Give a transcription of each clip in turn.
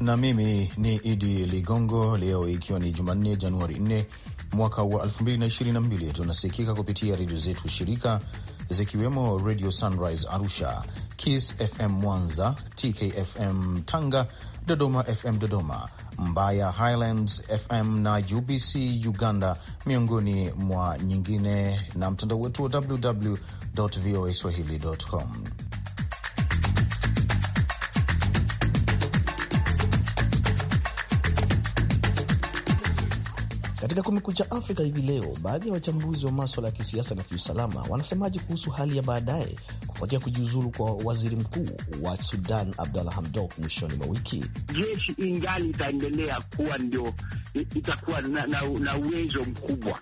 na mimi ni Idi Ligongo. Leo ikiwa ni Jumanne, Januari 4 mwaka wa 2022, tunasikika kupitia redio zetu shirika zikiwemo Radio Sunrise Arusha, Kiss FM Mwanza, TKFM Tanga, Dodoma FM Dodoma, Mbaya Highlands FM na UBC Uganda, miongoni mwa nyingine, na mtandao wetu wa www voa swahili.com. Katika Kumekucha Afrika hivi leo, baadhi ya wachambuzi wa maswala ya kisiasa na kiusalama wanasemaje kuhusu hali ya baadaye kufuatia kujiuzulu kwa waziri mkuu wa Sudan Abdalla Hamdok mwishoni mwa wiki. Jeshi ingali itaendelea kuwa ndio itakuwa na, na, na uwezo mkubwa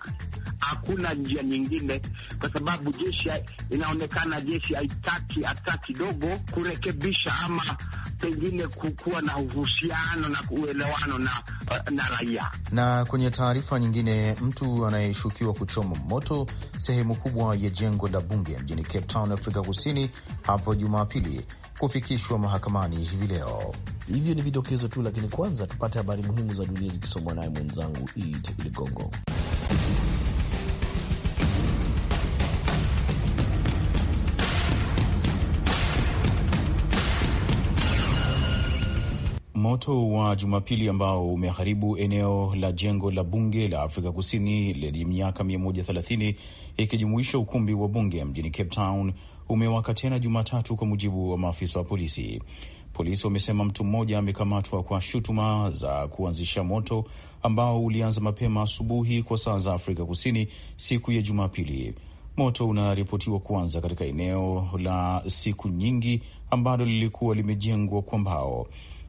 hakuna njia nyingine, kwa sababu jeshi inaonekana jeshi haitaki hata kidogo kurekebisha ama pengine kuwa na uhusiano na uelewano na, na raia. Na kwenye taarifa nyingine, mtu anayeshukiwa kuchoma moto sehemu kubwa ya jengo la bunge mjini Cape Town, Afrika Kusini hapo Jumapili kufikishwa mahakamani hivi leo. Hivyo ni vidokezo tu, lakini kwanza tupate habari muhimu za dunia zikisomwa naye mwenzangu ed Ligongo. moto wa Jumapili ambao umeharibu eneo la jengo la bunge la Afrika Kusini lenye miaka 130 ikijumuisha ukumbi wa bunge mjini Cape Town umewaka tena Jumatatu, kwa mujibu wa maafisa wa polisi. Polisi wamesema mtu mmoja amekamatwa kwa shutuma za kuanzisha moto ambao ulianza mapema asubuhi kwa saa za Afrika Kusini siku ya Jumapili. Moto unaripotiwa kuanza katika eneo la siku nyingi ambalo lilikuwa limejengwa kwa mbao.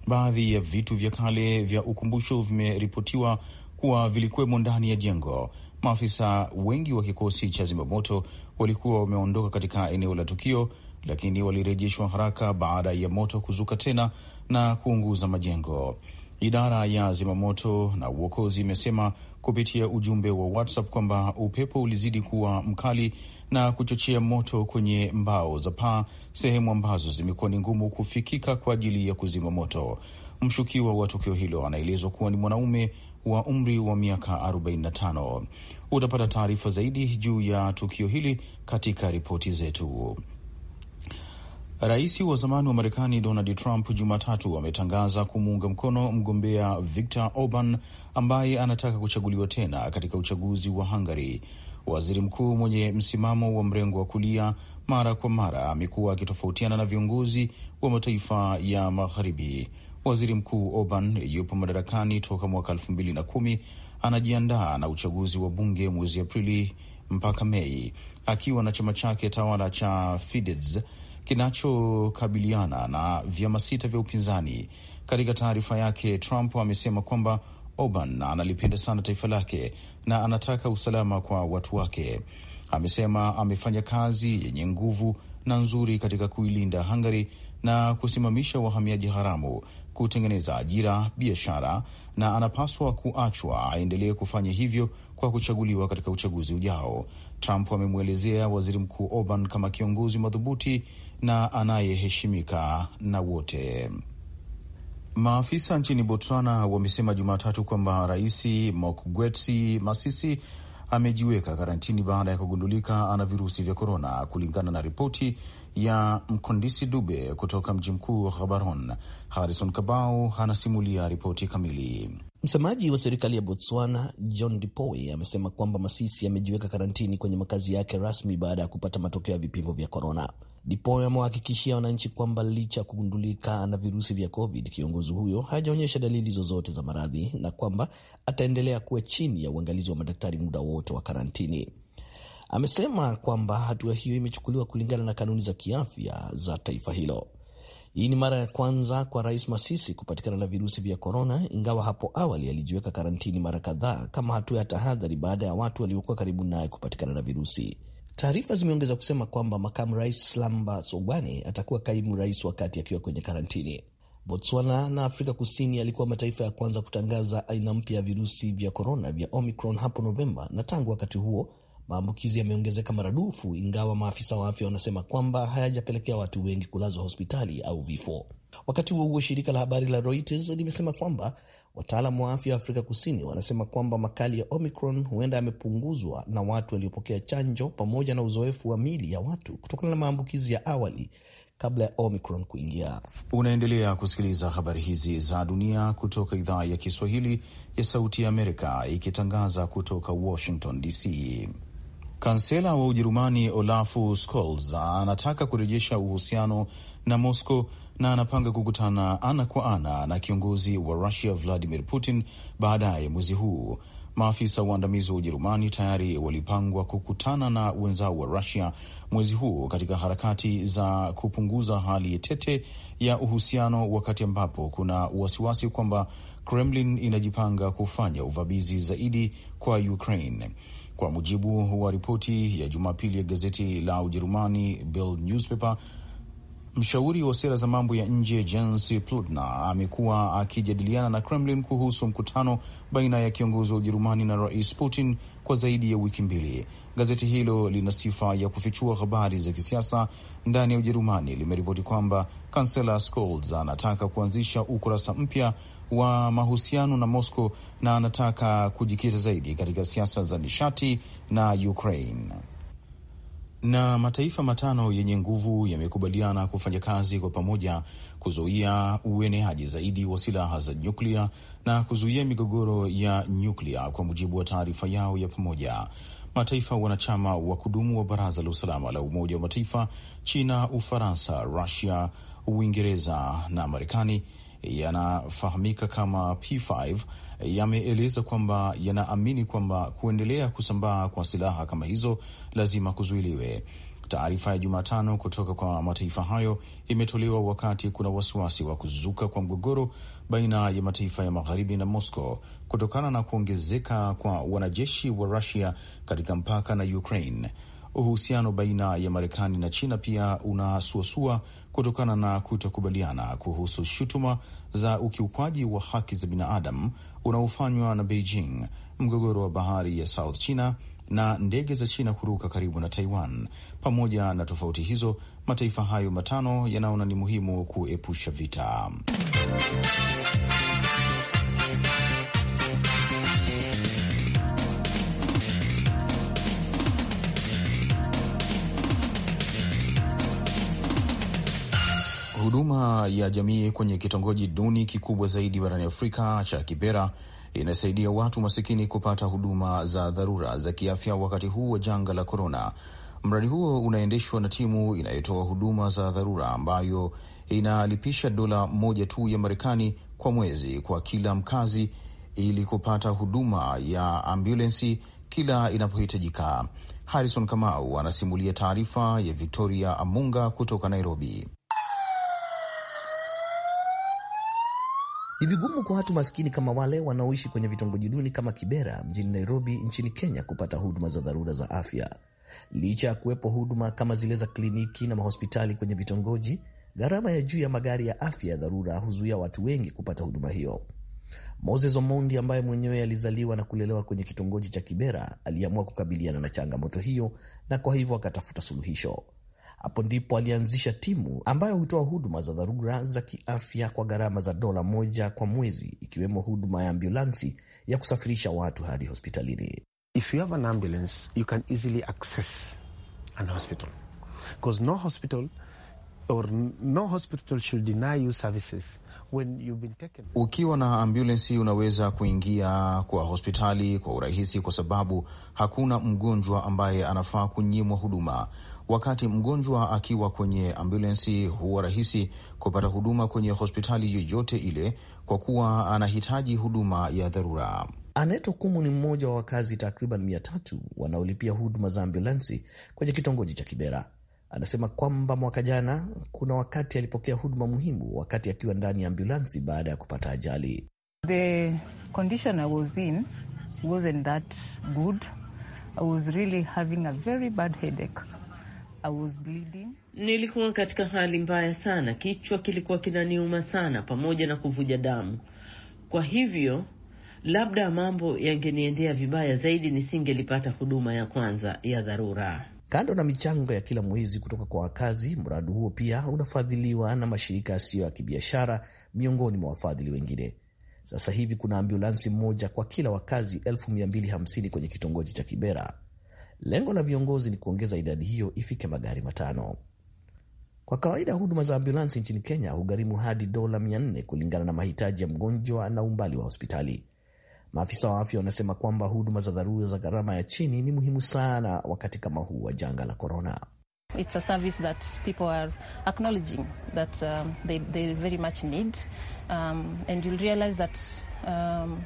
Baadhi ya vitu vya kale vya ukumbusho vimeripotiwa kuwa vilikuwemo ndani ya jengo. Maafisa wengi wa kikosi cha zimamoto walikuwa wameondoka katika eneo la tukio, lakini walirejeshwa haraka baada ya moto kuzuka tena na kuunguza majengo. Idara ya zimamoto na uokozi imesema kupitia ujumbe wa WhatsApp kwamba upepo ulizidi kuwa mkali na kuchochea moto kwenye mbao za paa, sehemu ambazo zimekuwa ni ngumu kufikika kwa ajili ya kuzima moto. Mshukiwa wa tukio hilo anaelezwa kuwa ni mwanaume wa umri wa miaka 45. Utapata taarifa zaidi juu ya tukio hili katika ripoti zetu. Rais wa zamani wa Marekani Donald Trump Jumatatu ametangaza kumuunga mkono mgombea Viktor Orban ambaye anataka kuchaguliwa tena katika uchaguzi wa Hungary. Waziri mkuu mwenye msimamo wa mrengo wa kulia mara kwa mara amekuwa akitofautiana na viongozi wa mataifa ya Magharibi. Waziri Mkuu Orban yupo madarakani toka mwaka elfu mbili na kumi. Anajiandaa na uchaguzi wa bunge mwezi Aprili mpaka Mei akiwa na chama chake tawala cha Fidesz kinachokabiliana na vyama sita vya upinzani. Katika taarifa yake, Trump amesema kwamba Orban analipenda sana taifa lake na anataka usalama kwa watu wake. Amesema amefanya kazi yenye nguvu na nzuri katika kuilinda Hungary na kusimamisha wahamiaji haramu, kutengeneza ajira, biashara, na anapaswa kuachwa aendelee kufanya hivyo kwa kuchaguliwa katika uchaguzi ujao. Trump amemwelezea waziri mkuu Orban kama kiongozi madhubuti na anayeheshimika na wote. Maafisa nchini Botswana wamesema Jumatatu kwamba Rais Mokgweetsi Masisi amejiweka karantini baada ya kugundulika ana virusi vya korona, kulingana na ripoti ya Mkondisi Dube kutoka mji mkuu Gaborone. Harrison Kabau anasimulia ripoti kamili. Msemaji wa serikali ya Botswana John Dipoe amesema kwamba Masisi amejiweka karantini kwenye makazi yake rasmi baada ya kupata matokeo ya vipimo vya korona. Dipoe amewahakikishia wananchi kwamba licha ya kugundulika na virusi vya COVID, kiongozi huyo hajaonyesha dalili zozote za maradhi na kwamba ataendelea kuwa chini ya uangalizi wa madaktari muda wote wa karantini. Amesema kwamba hatua hiyo imechukuliwa kulingana na kanuni za kiafya za taifa hilo. Hii ni mara ya kwanza kwa Rais Masisi kupatikana na virusi vya korona, ingawa hapo awali alijiweka karantini mara kadhaa kama hatua ya tahadhari baada ya watu waliokuwa karibu naye kupatikana na virusi. Taarifa zimeongeza kusema kwamba makamu rais Slamba Sogwane atakuwa kaimu rais wakati akiwa kwenye karantini. Botswana na Afrika Kusini yalikuwa mataifa ya kwanza kutangaza aina mpya ya virusi vya korona vya Omicron hapo Novemba, na tangu wakati huo Maambukizi yameongezeka maradufu, ingawa maafisa wa afya wanasema kwamba hayajapelekea watu wengi kulazwa hospitali au vifo. Wakati huo huo, shirika la habari la Reuters limesema kwamba wataalamu wa afya wa Afrika Kusini wanasema kwamba makali ya Omicron huenda yamepunguzwa na watu waliopokea chanjo pamoja na uzoefu wa mili ya watu kutokana na maambukizi ya awali kabla ya Omicron kuingia. Unaendelea kusikiliza habari hizi za dunia kutoka idhaa ya Kiswahili ya Sauti ya Amerika, ikitangaza kutoka Washington DC. Kansela wa Ujerumani Olaf Scholz anataka kurejesha uhusiano na Moscow na anapanga kukutana ana kwa ana na kiongozi wa Rusia Vladimir Putin baadaye mwezi huu. Maafisa waandamizi wa Ujerumani tayari walipangwa kukutana na wenzao wa Rusia mwezi huu katika harakati za kupunguza hali tete ya uhusiano, wakati ambapo kuna wasiwasi kwamba Kremlin inajipanga kufanya uvamizi zaidi kwa Ukraine. Kwa mujibu wa ripoti ya Jumapili ya gazeti la Ujerumani Bild Newspaper, mshauri wa sera za mambo ya nje Jens Pludna amekuwa akijadiliana na Kremlin kuhusu mkutano baina ya kiongozi wa Ujerumani na Rais Putin kwa zaidi ya wiki mbili. Gazeti hilo lina sifa ya kufichua habari za kisiasa ndani ya Ujerumani. Limeripoti kwamba kansela Scholz anataka kuanzisha ukurasa mpya wa mahusiano na Moscow na anataka kujikita zaidi katika siasa za nishati na Ukraine. Na mataifa matano yenye nguvu yamekubaliana kufanya kazi kwa pamoja kuzuia ueneaji zaidi wa silaha za nyuklia na kuzuia migogoro ya nyuklia, kwa mujibu wa taarifa yao ya pamoja. Mataifa wanachama wa kudumu wa Baraza la Usalama la Umoja wa Mataifa, China, Ufaransa, Rusia, Uingereza na Marekani yanafahamika kama P5 yameeleza kwamba yanaamini kwamba kuendelea kusambaa kwa silaha kama hizo lazima kuzuiliwe. Taarifa ya Jumatano kutoka kwa mataifa hayo imetolewa wakati kuna wasiwasi wa kuzuka kwa mgogoro baina ya mataifa ya magharibi na Moscow kutokana na kuongezeka kwa wanajeshi wa Rusia katika mpaka na Ukraine uhusiano baina ya Marekani na China pia unasuasua kutokana na kutokubaliana kuhusu shutuma za ukiukwaji wa haki za binadamu unaofanywa na Beijing, mgogoro wa bahari ya South China na ndege za China kuruka karibu na Taiwan. Pamoja na tofauti hizo, mataifa hayo matano yanaona ni muhimu kuepusha vita Huduma ya jamii kwenye kitongoji duni kikubwa zaidi barani Afrika cha Kibera inasaidia watu masikini kupata huduma za dharura za kiafya wakati huu wa janga la korona. Mradi huo unaendeshwa na timu inayotoa huduma za dharura ambayo inalipisha dola moja tu ya Marekani kwa mwezi kwa kila mkazi ili kupata huduma ya ambulensi kila inapohitajika. Harrison Kamau anasimulia taarifa ya Victoria Amunga kutoka Nairobi. Ni vigumu kwa watu maskini kama wale wanaoishi kwenye vitongoji duni kama Kibera mjini Nairobi nchini Kenya kupata huduma za dharura za afya. Licha ya kuwepo huduma kama zile za kliniki na mahospitali kwenye vitongoji, gharama ya juu ya magari ya afya ya dharura huzuia watu wengi kupata huduma hiyo. Moses Omondi ambaye mwenyewe alizaliwa na kulelewa kwenye kitongoji cha Kibera aliamua kukabiliana na changamoto hiyo na kwa hivyo akatafuta suluhisho. Hapo ndipo alianzisha timu ambayo hutoa huduma za dharura za kiafya kwa gharama za dola moja kwa mwezi, ikiwemo huduma ya ambulansi ya kusafirisha watu hadi hospitalini. If you have an ambulance, you can easily access an hospital. Because no hospital or no hospital should deny you services when you've been taken. Ukiwa na ambulensi unaweza kuingia kwa hospitali kwa urahisi, kwa sababu hakuna mgonjwa ambaye anafaa kunyimwa huduma. Wakati mgonjwa akiwa kwenye ambulensi, huwa rahisi kupata huduma kwenye hospitali yoyote ile, kwa kuwa anahitaji huduma ya dharura. Aneto Kumu ni mmoja wa wakazi takriban mia tatu wanaolipia huduma za ambulensi kwenye kitongoji cha Kibera. Anasema kwamba mwaka jana kuna wakati alipokea huduma muhimu wakati akiwa ndani ya ambulansi baada ya kupata ajali. The condition I was in wasn't that good. I was really having a very bad headache. I was bleeding. Nilikuwa katika hali mbaya sana, kichwa kilikuwa kinaniuma sana pamoja na kuvuja damu. Kwa hivyo labda mambo yangeniendea vibaya zaidi nisingelipata huduma ya kwanza ya dharura. Kando na michango ya kila mwezi kutoka kwa wakazi, mradi huo pia unafadhiliwa na mashirika yasiyo ya kibiashara miongoni mwa wafadhili wengine. Sasa hivi kuna ambulansi moja kwa kila wakazi elfu kwenye kitongoji cha Kibera. Lengo la viongozi ni kuongeza idadi hiyo ifike magari matano. Kwa kawaida huduma za ambulansi nchini Kenya hugharimu hadi dola 400 kulingana na mahitaji ya mgonjwa na umbali wa hospitali. Maafisa wa afya wanasema kwamba huduma za dharura za gharama ya chini ni muhimu sana wakati kama huu wa janga la korona. Um,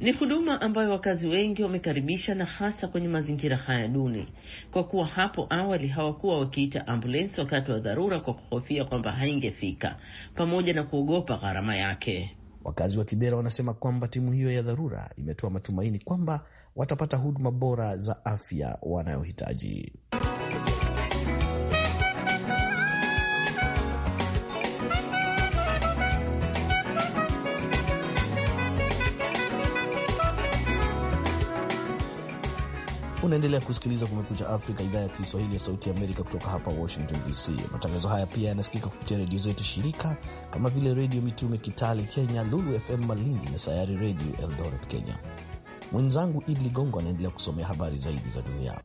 ni huduma ambayo wakazi wengi wamekaribisha na hasa kwenye mazingira haya duni, kwa kuwa hapo awali hawakuwa wakiita ambulensi wakati wa dharura kwa kuhofia kwamba haingefika pamoja na kuogopa gharama yake. Wakazi wa Kibera wanasema kwamba timu hiyo ya dharura imetoa matumaini kwamba watapata huduma bora za afya wanayohitaji. Unaendelea kusikiliza Kumekucha Afrika, idhaa ya Kiswahili ya Sauti Amerika kutoka hapa Washington DC. Matangazo haya pia yanasikika kupitia redio zetu shirika kama vile Redio Mitume Kitale Kenya, Lulu FM Malindi na Sayari Redio Eldoret Kenya. Mwenzangu Idi Ligongo anaendelea kusomea habari zaidi za dunia.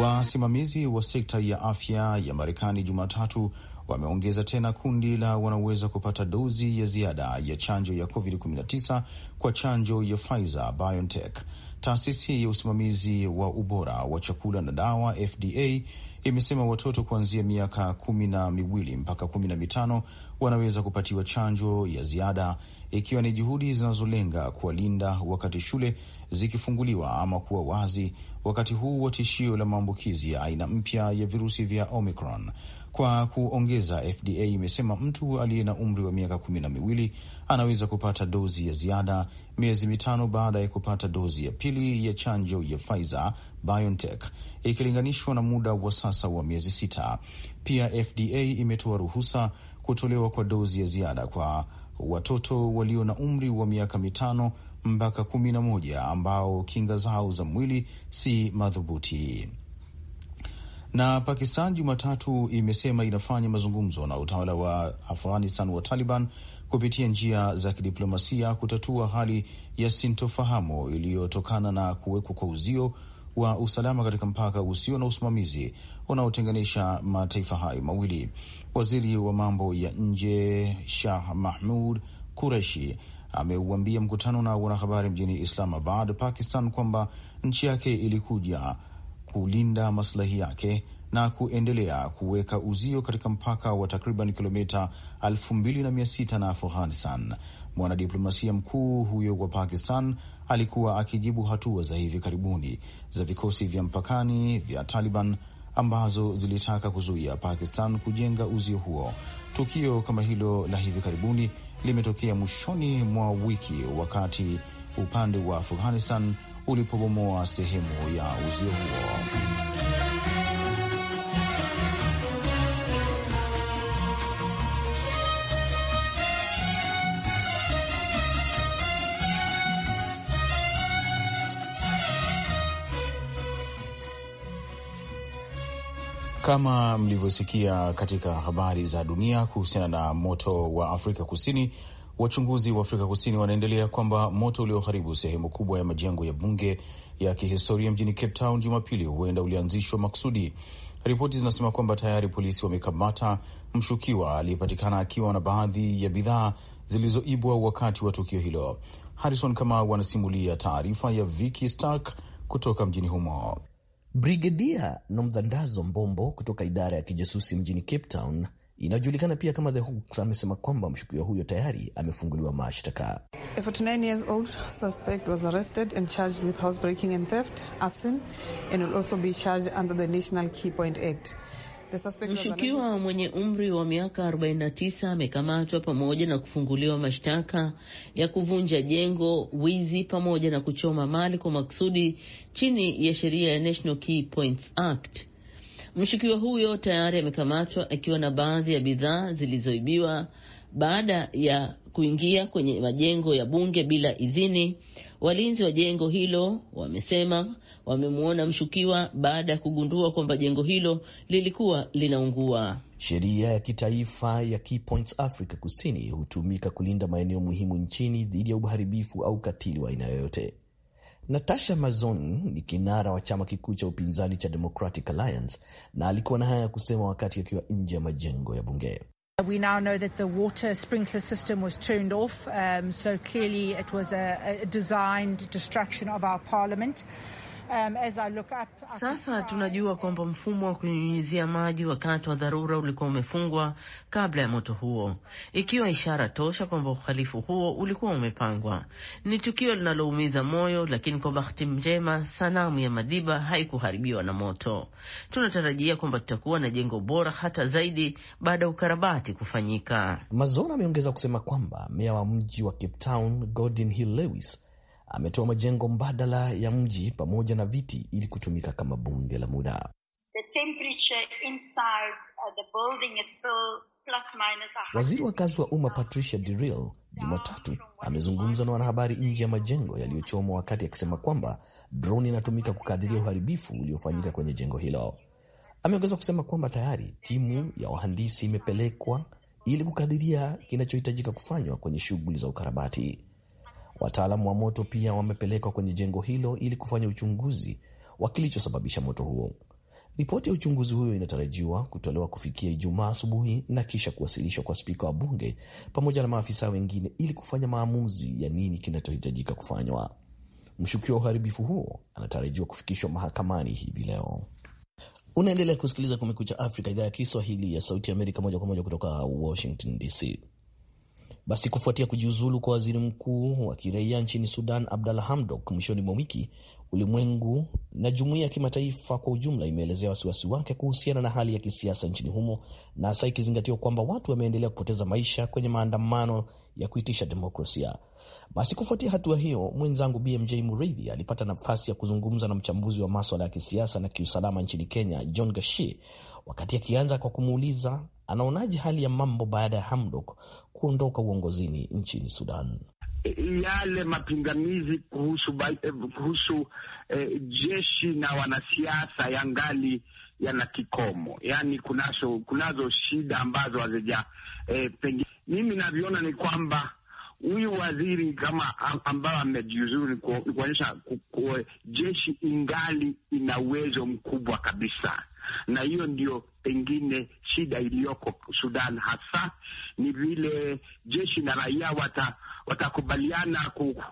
Wasimamizi wa sekta ya afya ya Marekani Jumatatu wameongeza tena kundi la wanaoweza kupata dozi ya ziada ya chanjo ya COVID-19 kwa chanjo ya Pfizer BioNTech. Taasisi ya usimamizi wa ubora wa chakula na dawa FDA imesema watoto kuanzia miaka kumi na miwili mpaka kumi na mitano wanaweza kupatiwa chanjo ya ziada ikiwa ni juhudi zinazolenga kuwalinda wakati shule zikifunguliwa ama kuwa wazi wakati huu wa tishio la maambukizi ya aina mpya ya virusi vya Omicron. Kwa kuongeza, FDA imesema mtu aliye na umri wa miaka kumi na miwili anaweza kupata dozi ya ziada miezi mitano baada ya kupata dozi ya pili ya chanjo ya Pfizer BioNTech ikilinganishwa na muda wa sasa wa miezi sita. Pia FDA imetoa ruhusa kutolewa kwa dozi ya ziada kwa watoto walio na umri wa miaka mitano mpaka kumi na moja ambao kinga zao za mwili si madhubuti. Na Pakistan Jumatatu imesema inafanya mazungumzo na utawala wa Afghanistan wa Taliban kupitia njia za kidiplomasia kutatua hali ya sintofahamu iliyotokana na kuwekwa kwa uzio wa usalama katika mpaka usio na usimamizi unaotenganisha mataifa hayo mawili. Waziri wa mambo ya nje Shah Mahmud Kureshi ameuambia mkutano na wanahabari mjini Islamabad, Pakistan, kwamba nchi yake ilikuja kulinda maslahi yake na kuendelea kuweka uzio katika mpaka wa takriban kilomita 2600 na Afghanistan. Mwanadiplomasia mkuu huyo wa Pakistan alikuwa akijibu hatua za hivi karibuni za vikosi vya mpakani vya Taliban ambazo zilitaka kuzuia Pakistan kujenga uzio huo. Tukio kama hilo la hivi karibuni limetokea mwishoni mwa wiki wakati upande wa Afghanistan ulipobomoa sehemu ya uzio huo. Kama mlivyosikia katika habari za dunia kuhusiana na moto wa Afrika Kusini Wachunguzi wa Afrika Kusini wanaendelea kwamba moto ulioharibu sehemu kubwa ya majengo ya bunge ya kihistoria mjini Cape Town Jumapili huenda ulianzishwa makusudi. Ripoti zinasema kwamba tayari polisi wamekamata mshukiwa aliyepatikana akiwa na baadhi ya bidhaa zilizoibwa wakati wa tukio hilo. Harrison Kamau anasimulia taarifa ya Vicky Stark kutoka mjini humo. Brigedia Nomdhandazo Mbombo kutoka idara ya kijasusi mjini Cape Town inayojulikana pia kama The Hawks amesema kwamba mshukiwa huyo tayari amefunguliwa mashtaka. Mshukiwa mwenye umri wa miaka 49 amekamatwa pamoja na kufunguliwa mashtaka ya kuvunja jengo, wizi pamoja na kuchoma mali kwa makusudi chini ya sheria ya National Key Points Act. Mshukiwa huyo tayari amekamatwa akiwa na baadhi ya bidhaa zilizoibiwa baada ya kuingia kwenye majengo ya bunge bila idhini. Walinzi wa jengo hilo wamesema wamemwona mshukiwa baada ya kugundua kwamba jengo hilo lilikuwa linaungua. Sheria ya kitaifa ya Key Points Kusini hutumika kulinda maeneo muhimu nchini dhidi ya uharibifu au ukatili wa aina yoyote. Natasha Mazzoni ni kinara wa chama kikuu cha upinzani cha Democratic Alliance na alikuwa na haya ya kusema wakati akiwa nje ya majengo ya bunge. We now know that the water sprinkler system was turned off, um, so clearly it was a, a designed destruction of our parliament. Um, as I look up, sasa tunajua kwamba mfumo wa kunyunyizia maji wakati wa dharura ulikuwa umefungwa kabla ya moto huo, ikiwa ishara tosha kwamba uhalifu huo ulikuwa umepangwa. Ni tukio linaloumiza moyo, lakini kwa bahati njema sanamu ya Madiba haikuharibiwa na moto. Tunatarajia kwamba tutakuwa na jengo bora hata zaidi baada ya ukarabati kufanyika. Mazona ameongeza kusema kwamba meya wa mji wa Cape Town Gordon Hill Lewis ametoa majengo mbadala ya mji pamoja na viti ili kutumika kama bunge la muda. Uh, Waziri wa kazi wa umma Patricia de Jumatatu amezungumza na wanahabari nje ya majengo yaliyochomwa, wakati akisema kwamba droni inatumika kukadiria uharibifu uliofanyika kwenye jengo hilo. Ameongeza kusema kwamba tayari timu ya wahandisi imepelekwa ili kukadiria kinachohitajika kufanywa kwenye shughuli za ukarabati. Wataalamu wa moto pia wamepelekwa kwenye jengo hilo ili kufanya uchunguzi wa kilichosababisha moto huo. Ripoti ya uchunguzi huyo inatarajiwa kutolewa kufikia Ijumaa asubuhi na kisha kuwasilishwa kwa spika wa bunge pamoja na maafisa wengine ili kufanya maamuzi ya nini kinachohitajika kufanywa. Mshukiwa wa uharibifu huo anatarajiwa kufikishwa mahakamani hivi leo. Unaendelea kusikiliza Kumekucha Afrika, idhaa ya Kiswahili ya Sauti ya Amerika, moja kwa moja kutoka Washington DC. Basi kufuatia kujiuzulu kwa waziri mkuu wa kiraia nchini Sudan Abdalla Hamdok mwishoni mwa wiki, ulimwengu na jumuiya ya kimataifa kwa ujumla imeelezea wasiwasi wake kuhusiana na hali ya kisiasa nchini humo, na hasa ikizingatiwa kwamba watu wameendelea kupoteza maisha kwenye maandamano ya kuitisha demokrasia. Basi kufuatia hatua hiyo, mwenzangu BMJ Muridhi alipata nafasi ya kuzungumza na mchambuzi wa maswala ya kisiasa na kiusalama nchini Kenya, John Gashie, wakati akianza kwa kumuuliza anaonaje hali ya mambo baada ya Hamdok kuondoka uongozini nchini Sudan? E, yale mapingamizi kuhusu, e, kuhusu eh, jeshi na wanasiasa yangali yana kikomo, yaani kunazo, kunazo shida ambazo hazija eh, pengine mimi navyoona ni kwamba huyu waziri kama ambayo amejiuzuru ni kuonyesha jeshi ingali ina uwezo mkubwa kabisa, na hiyo ndio pengine shida iliyoko Sudan hasa ni vile jeshi na raia watakubaliana wata ku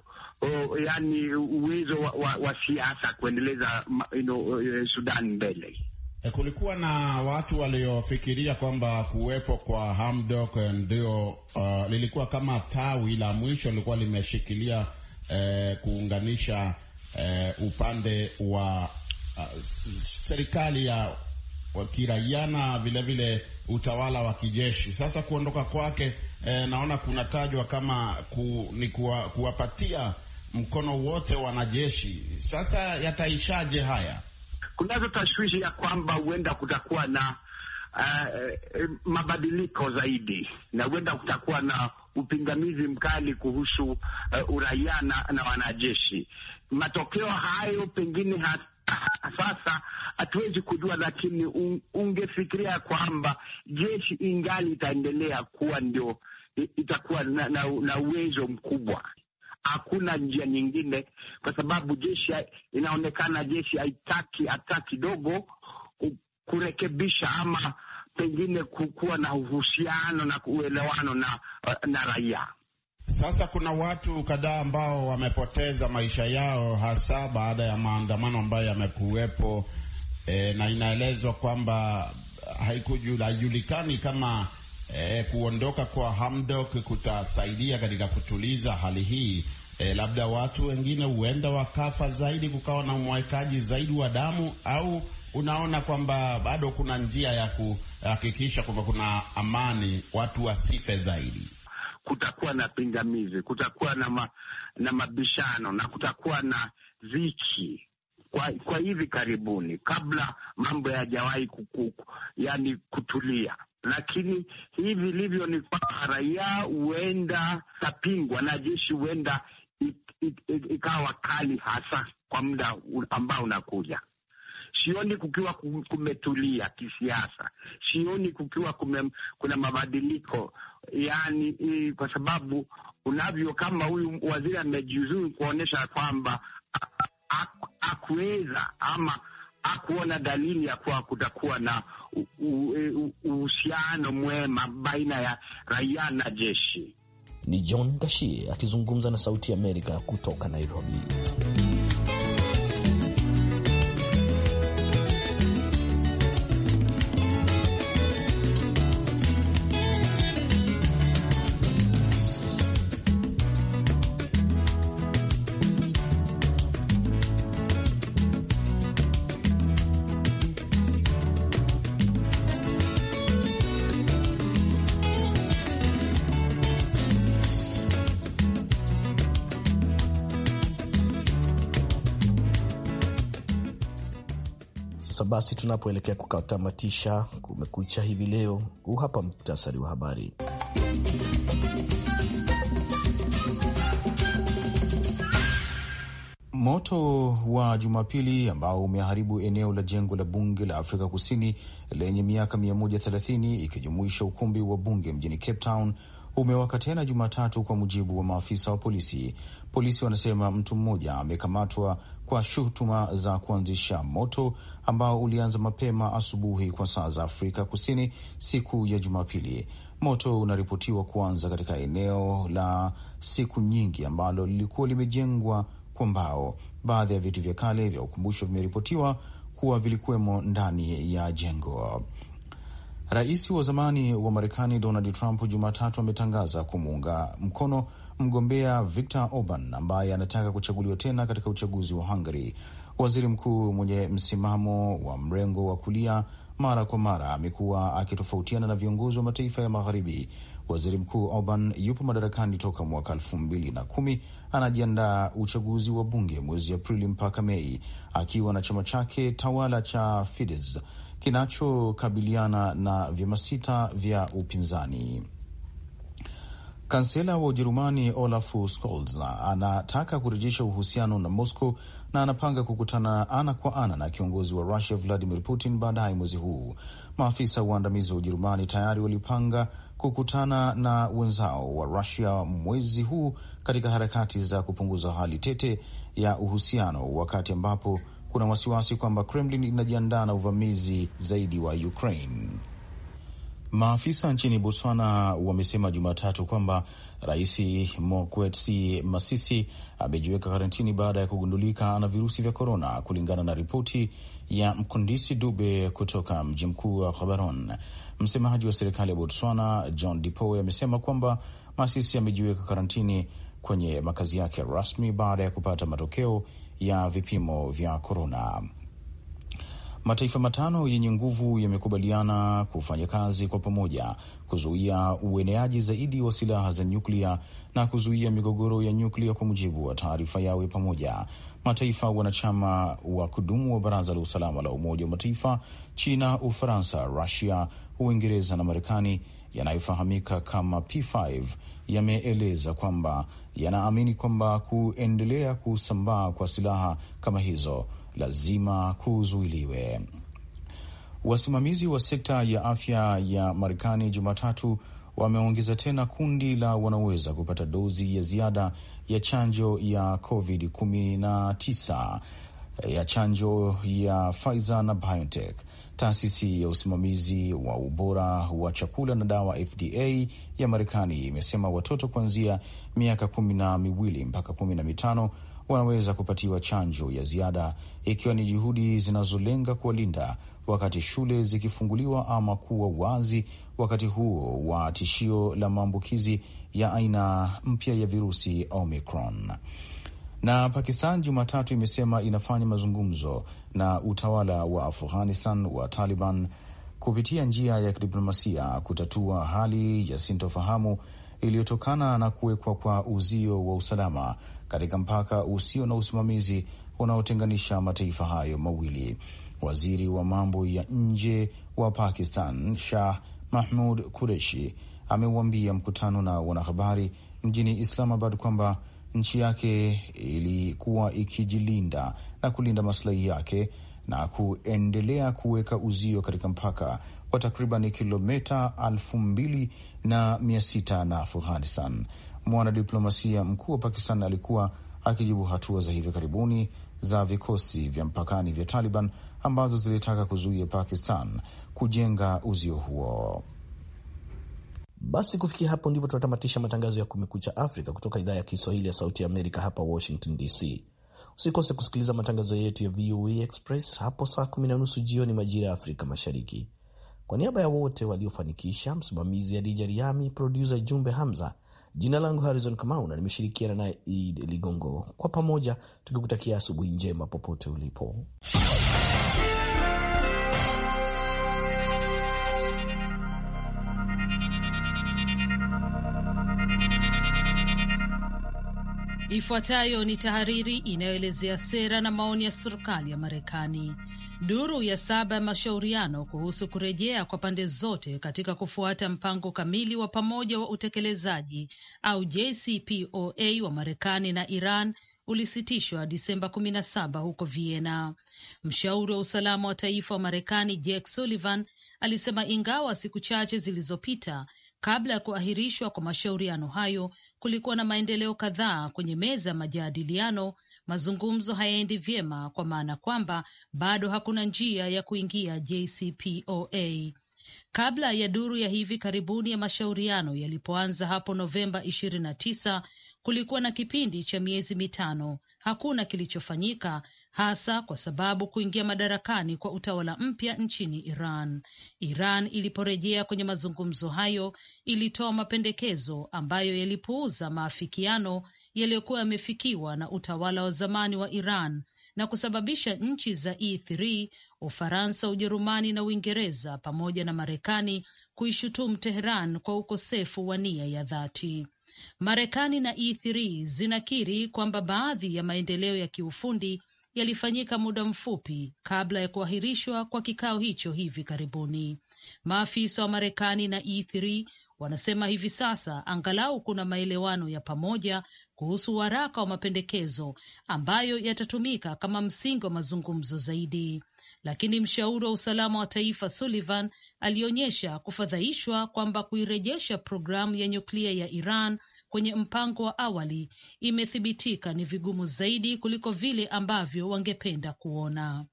oh, yani uwezo wa, wa, wa siasa kuendeleza you know, e, Sudan mbele. Eh, kulikuwa na watu waliofikiria kwamba kuwepo kwa Hamdok ndio uh, lilikuwa kama tawi la mwisho lilikuwa limeshikilia eh, kuunganisha eh, upande wa uh, serikali ya kiraia na vilevile utawala wa kijeshi. Sasa kuondoka kwake e, naona kunatajwa kama ku, ni kuwa, kuwapatia mkono wote wanajeshi. Sasa yataishaje haya? Kunazo tashwishi ya kwamba huenda kutakuwa na uh, mabadiliko zaidi na huenda kutakuwa na upingamizi mkali kuhusu uh, uraia na, na wanajeshi. Matokeo hayo pengine sasa hatuwezi kujua, lakini un, ungefikiria kwamba jeshi ingali itaendelea kuwa ndio itakuwa na, na, na uwezo mkubwa. Hakuna njia nyingine, kwa sababu jeshi inaonekana jeshi haitaki hata kidogo kurekebisha ama pengine kuwa na uhusiano na uelewano na, na raia. Sasa kuna watu kadhaa ambao wamepoteza maisha yao hasa baada ya maandamano ambayo yamekuwepo, e, na inaelezwa kwamba haikujulikani kama e, kuondoka kwa Hamdok kutasaidia katika kutuliza hali hii. E, labda watu wengine huenda wakafa zaidi, kukawa na umwekaji zaidi wa damu, au unaona kwamba bado kuna njia ya kuhakikisha kwamba kuna amani, watu wasife zaidi? kutakuwa na pingamizi, kutakuwa na ma, na mabishano na kutakuwa na vichi kwa, kwa hivi karibuni, kabla mambo yajawahi kukuku yani kutulia. Lakini hivi vilivyo ni kwamba raia huenda tapingwa na jeshi huenda ikawa kali hasa kwa muda ambao unakuja. Sioni kukiwa kumetulia kisiasa, sioni kukiwa kume, kuna mabadiliko yani, kwa sababu unavyo kama huyu waziri amejiuzuru kuonyesha kwamba akuweza ama akuona dalili ya kuwa kutakuwa na uhusiano mwema baina ya raia na jeshi. Ni John Gashie akizungumza na Sauti ya Amerika kutoka Nairobi. Sasa basi, tunapoelekea kukatamatisha Kumekucha hivi leo, huu hapa muktasari wa habari. Moto wa Jumapili ambao umeharibu eneo la jengo la bunge la Afrika Kusini lenye miaka 130 ikijumuisha ukumbi wa bunge mjini Cape Town umewaka tena Jumatatu, kwa mujibu wa maafisa wa polisi. Polisi wanasema mtu mmoja amekamatwa kwa shutuma za kuanzisha moto ambao ulianza mapema asubuhi kwa saa za Afrika Kusini siku ya Jumapili. Moto unaripotiwa kuanza katika eneo la siku nyingi ambalo lilikuwa limejengwa kwa mbao. Baadhi ya vitu vya kale vya ukumbusho vimeripotiwa kuwa vilikuwemo ndani ya jengo. Rais wa zamani wa Marekani Donald Trump Jumatatu ametangaza kumuunga mkono mgombea Viktor Orban ambaye anataka kuchaguliwa tena katika uchaguzi wa Hungary. Waziri mkuu mwenye msimamo wa mrengo wa kulia mara kwa mara amekuwa akitofautiana na viongozi wa mataifa ya Magharibi. Waziri Mkuu Orban yupo madarakani toka mwaka elfu mbili na kumi. Anajiandaa uchaguzi wa bunge mwezi Aprili mpaka Mei akiwa na chama chake tawala cha Fidesz kinachokabiliana na vyama sita vya upinzani. Kansela wa Ujerumani Olaf Scholz anataka kurejesha uhusiano na Moscow na anapanga kukutana ana kwa ana na kiongozi wa Rusia Vladimir Putin baadaye mwezi huu. Maafisa waandamizi wa Ujerumani tayari walipanga kukutana na wenzao wa Rusia mwezi huu katika harakati za kupunguza hali tete ya uhusiano, wakati ambapo kuna wasiwasi kwamba Kremlin inajiandaa na uvamizi zaidi wa Ukraine. Maafisa nchini Botswana wamesema Jumatatu kwamba Rais Mokwetsi Masisi amejiweka karantini baada ya kugundulika na virusi vya korona, kulingana na ripoti ya Mkondisi Dube kutoka mji mkuu wa Gaborone. Msemaji wa serikali ya Botswana John Dipo amesema kwamba Masisi amejiweka karantini kwenye makazi yake rasmi baada ya kupata matokeo ya vipimo vya korona. Mataifa matano yenye nguvu yamekubaliana kufanya kazi kwa pamoja kuzuia ueneaji zaidi wa silaha za nyuklia na kuzuia migogoro ya nyuklia, kwa mujibu wa taarifa yao ya pamoja. Mataifa wanachama wa kudumu wa Baraza la Usalama la Umoja wa Mataifa, China, Ufaransa, Rusia, Uingereza na Marekani yanayofahamika kama P5 yameeleza kwamba yanaamini kwamba kuendelea kusambaa kwa silaha kama hizo lazima kuzuiliwe. Wasimamizi wa sekta ya afya ya Marekani Jumatatu wameongeza tena kundi la wanaoweza kupata dozi ya ziada ya chanjo ya COVID-19 ya chanjo ya Pfizer na BioNTech. Taasisi ya usimamizi wa ubora wa chakula na dawa FDA ya Marekani imesema watoto kuanzia miaka kumi na miwili mpaka kumi na mitano wanaweza kupatiwa chanjo ya ziada ikiwa ni juhudi zinazolenga kuwalinda wakati shule zikifunguliwa ama kuwa wazi wakati huo wa tishio la maambukizi ya aina mpya ya virusi Omicron. Na Pakistan Jumatatu imesema inafanya mazungumzo na utawala wa Afghanistan wa Taliban kupitia njia ya kidiplomasia kutatua hali ya sintofahamu iliyotokana na kuwekwa kwa uzio wa usalama katika mpaka usio na usimamizi unaotenganisha mataifa hayo mawili. Waziri wa mambo ya nje wa Pakistan Shah Mahmud Qureshi ameuambia mkutano na wanahabari mjini Islamabad kwamba nchi yake ilikuwa ikijilinda na kulinda maslahi yake na kuendelea kuweka uzio katika mpaka wa takriban kilomita elfu mbili na mia sita na Afghanistan. Mwanadiplomasia mkuu wa Pakistan alikuwa akijibu hatua za hivi karibuni za vikosi vya mpakani vya Taliban ambazo zilitaka kuzuia Pakistan kujenga uzio huo. Basi kufikia hapo ndipo tunatamatisha matangazo ya Kumekucha Afrika kutoka idhaa ya Kiswahili ya Sauti ya Amerika hapa Washington DC. Usikose kusikiliza matangazo yetu ya VOA Express hapo saa kumi na nusu jioni majira ya Afrika Mashariki. Kwa niaba ya wote waliofanikisha, msimamizi Adija Riami, produsa Jumbe Hamza, jina langu Harrison Kamau na nimeshirikiana naye Id Ligongo, kwa pamoja tukikutakia asubuhi njema popote ulipo. Ifuatayo ni tahariri inayoelezea sera na maoni ya serikali ya Marekani. Duru ya saba ya mashauriano kuhusu kurejea kwa pande zote katika kufuata mpango kamili wa pamoja wa utekelezaji au JCPOA wa Marekani na Iran ulisitishwa Disemba 17 huko Vienna. Mshauri wa usalama wa taifa wa Marekani Jake Sullivan alisema ingawa siku chache zilizopita kabla ya kuahirishwa kwa mashauriano hayo kulikuwa na maendeleo kadhaa kwenye meza ya majadiliano. Mazungumzo hayaendi vyema, kwa maana kwamba bado hakuna njia ya kuingia JCPOA. Kabla ya duru ya hivi karibuni ya mashauriano yalipoanza hapo Novemba 29, kulikuwa na kipindi cha miezi mitano hakuna kilichofanyika hasa kwa sababu kuingia madarakani kwa utawala mpya nchini Iran. Iran iliporejea kwenye mazungumzo hayo, ilitoa mapendekezo ambayo yalipuuza maafikiano yaliyokuwa yamefikiwa na utawala wa zamani wa Iran na kusababisha nchi za E3 Ufaransa, Ujerumani na Uingereza pamoja na Marekani kuishutumu Teheran kwa ukosefu wa nia ya dhati. Marekani na E3 zinakiri kwamba baadhi ya maendeleo ya kiufundi yalifanyika muda mfupi kabla ya kuahirishwa kwa kikao hicho hivi karibuni. Maafisa wa Marekani na E3 wanasema hivi sasa angalau kuna maelewano ya pamoja kuhusu waraka wa mapendekezo ambayo yatatumika kama msingi wa mazungumzo zaidi, lakini mshauri wa usalama wa taifa Sullivan alionyesha kufadhaishwa kwamba kuirejesha programu ya nyuklia ya Iran kwenye mpango wa awali imethibitika ni vigumu zaidi kuliko vile ambavyo wangependa kuona.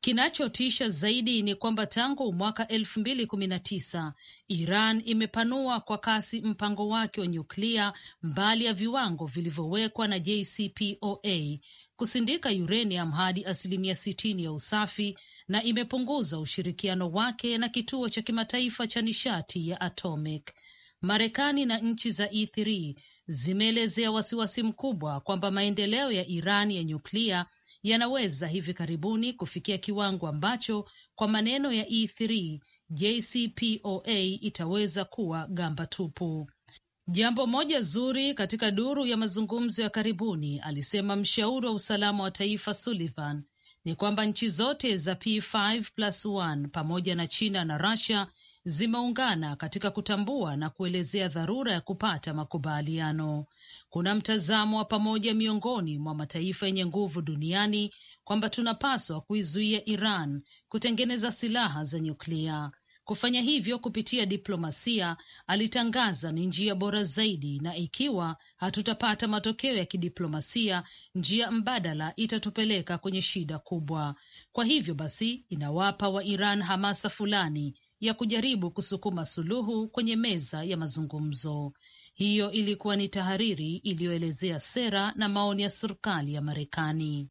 Kinachotisha zaidi ni kwamba tangu mwaka elfu mbili kumi na tisa Iran imepanua kwa kasi mpango wake wa nyuklia mbali ya viwango vilivyowekwa na JCPOA kusindika uranium hadi asilimia sitini ya usafi na imepunguza ushirikiano wake na kituo cha kimataifa cha nishati ya atomic. Marekani na nchi za E3 zimeelezea wasiwasi mkubwa kwamba maendeleo ya Iran ya nyuklia yanaweza hivi karibuni kufikia kiwango ambacho kwa maneno ya E3 JCPOA itaweza kuwa gamba tupu. Jambo moja zuri katika duru ya mazungumzo ya karibuni, alisema mshauri wa usalama wa taifa Sullivan, ni kwamba nchi zote za P5+1 pamoja na China na Russia zimeungana katika kutambua na kuelezea dharura ya kupata makubaliano. Kuna mtazamo wa pamoja miongoni mwa mataifa yenye nguvu duniani kwamba tunapaswa kuizuia Iran kutengeneza silaha za nyuklia. Kufanya hivyo kupitia diplomasia, alitangaza, ni njia bora zaidi, na ikiwa hatutapata matokeo ya kidiplomasia, njia mbadala itatupeleka kwenye shida kubwa. Kwa hivyo basi, inawapa wa Iran hamasa fulani ya kujaribu kusukuma suluhu kwenye meza ya mazungumzo. Hiyo ilikuwa ni tahariri iliyoelezea sera na maoni ya serikali ya Marekani.